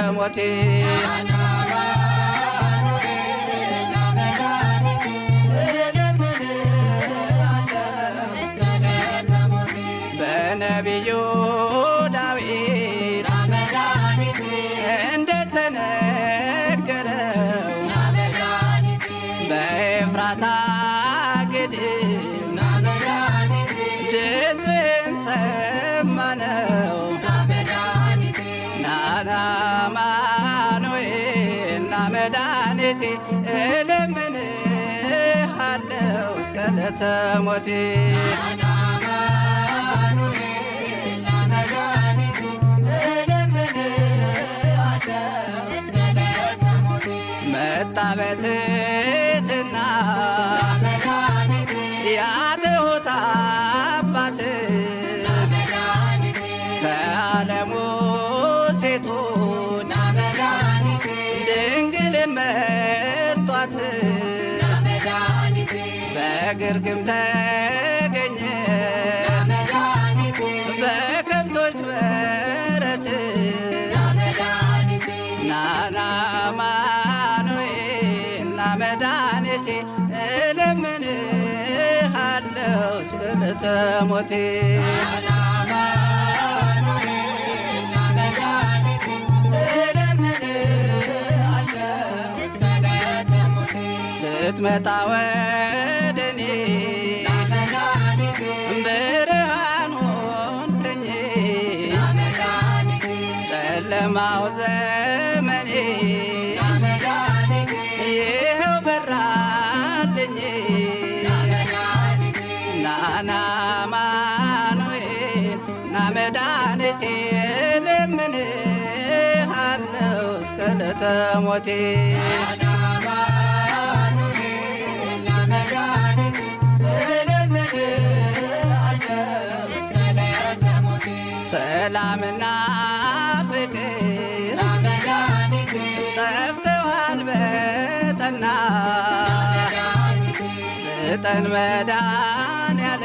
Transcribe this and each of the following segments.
ከሞቴ እስከ ሞቴ መጣ በትትና ያትሁት አባት ከዓለሙ ሴቶች ድንግልን መርጧት ግርግም ተገኘ በከብቶች በረት ናና አማኑኤል ና መድኃኒቴ እለምንሃለው እስከ ዕለተ ሞቴ ስትመጣ መድኃኒቴ ለምንህ አለው እስከ ለተሞቴ ሰላምና ፍቅር ጠፍተዋል በጠና ስጠን መዳን ያለ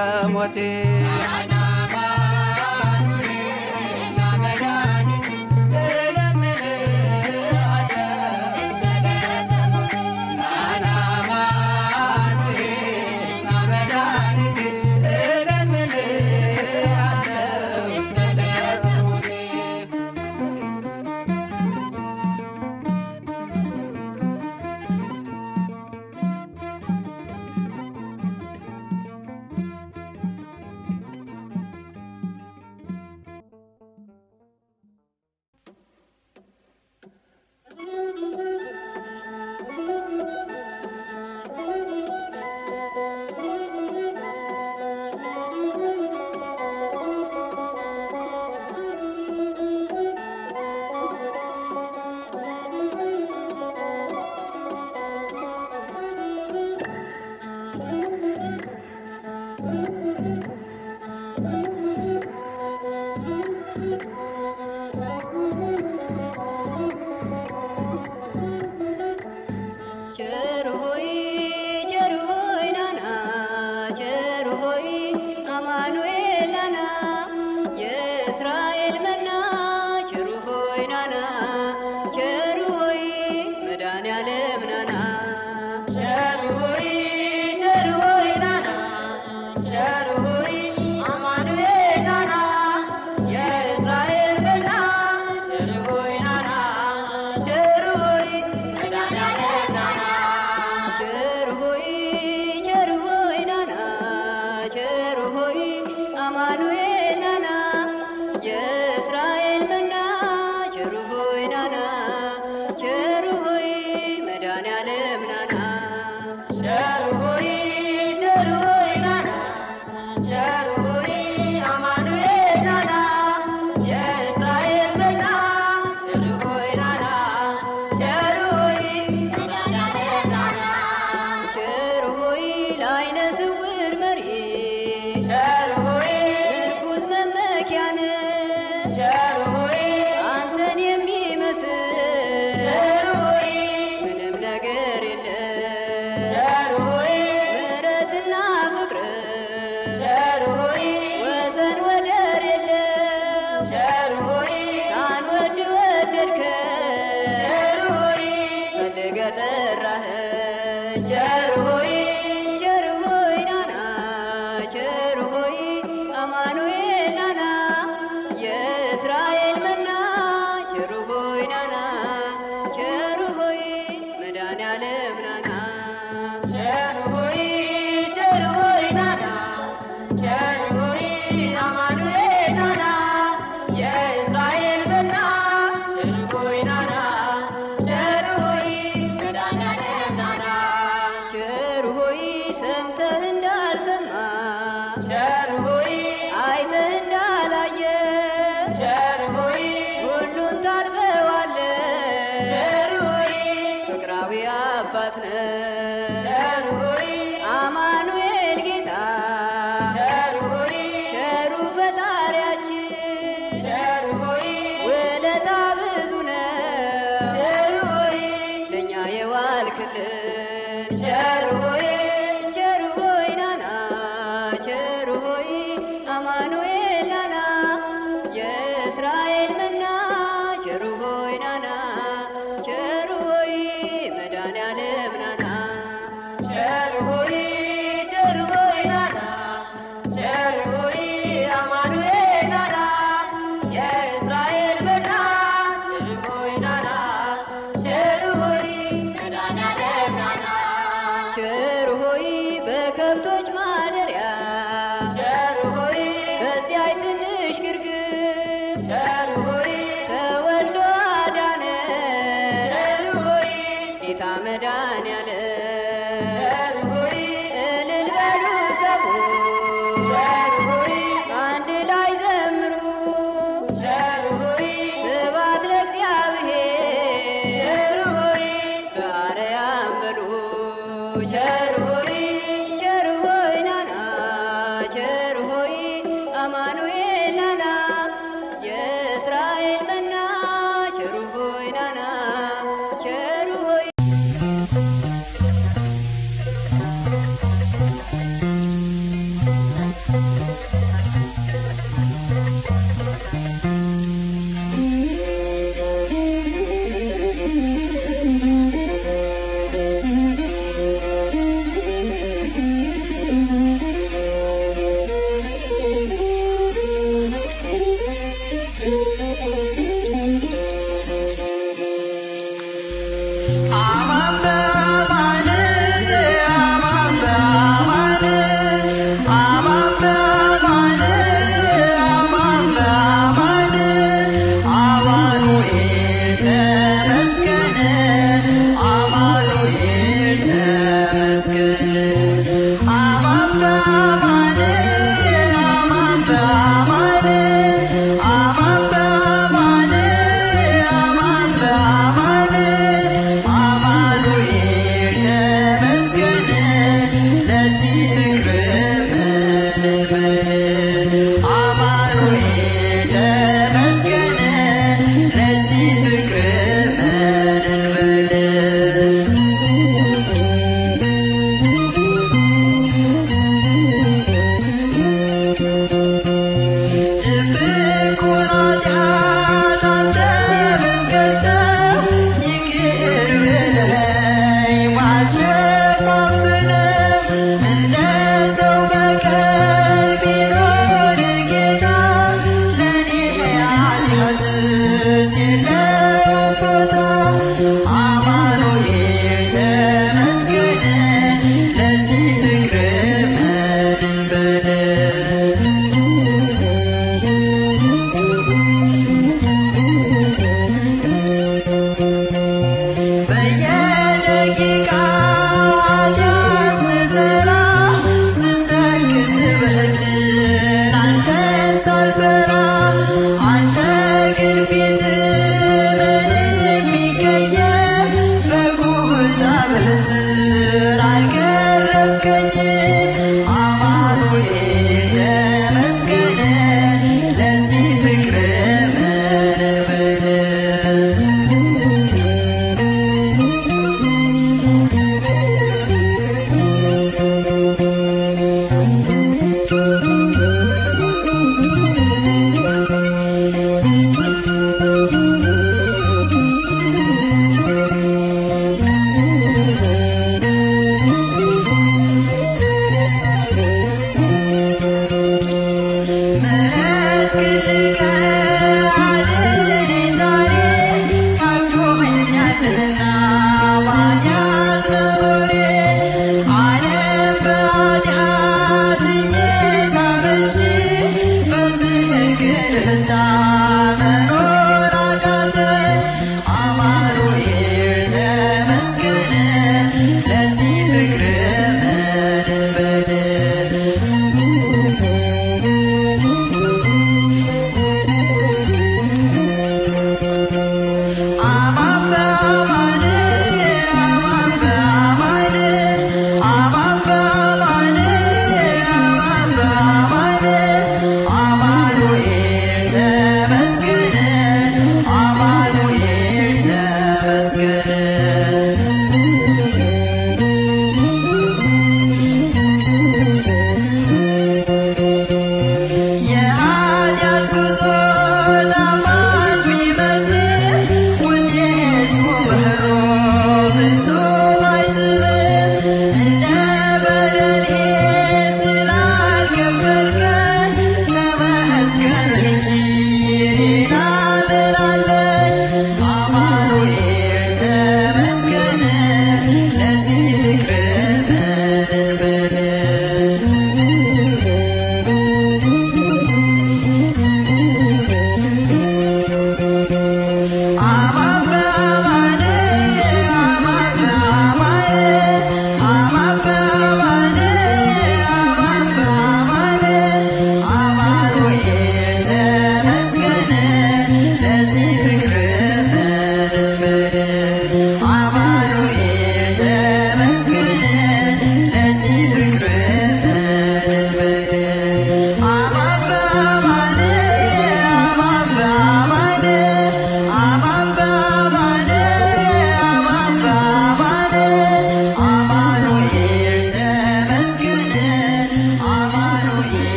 ከሞቴ ያደርግልን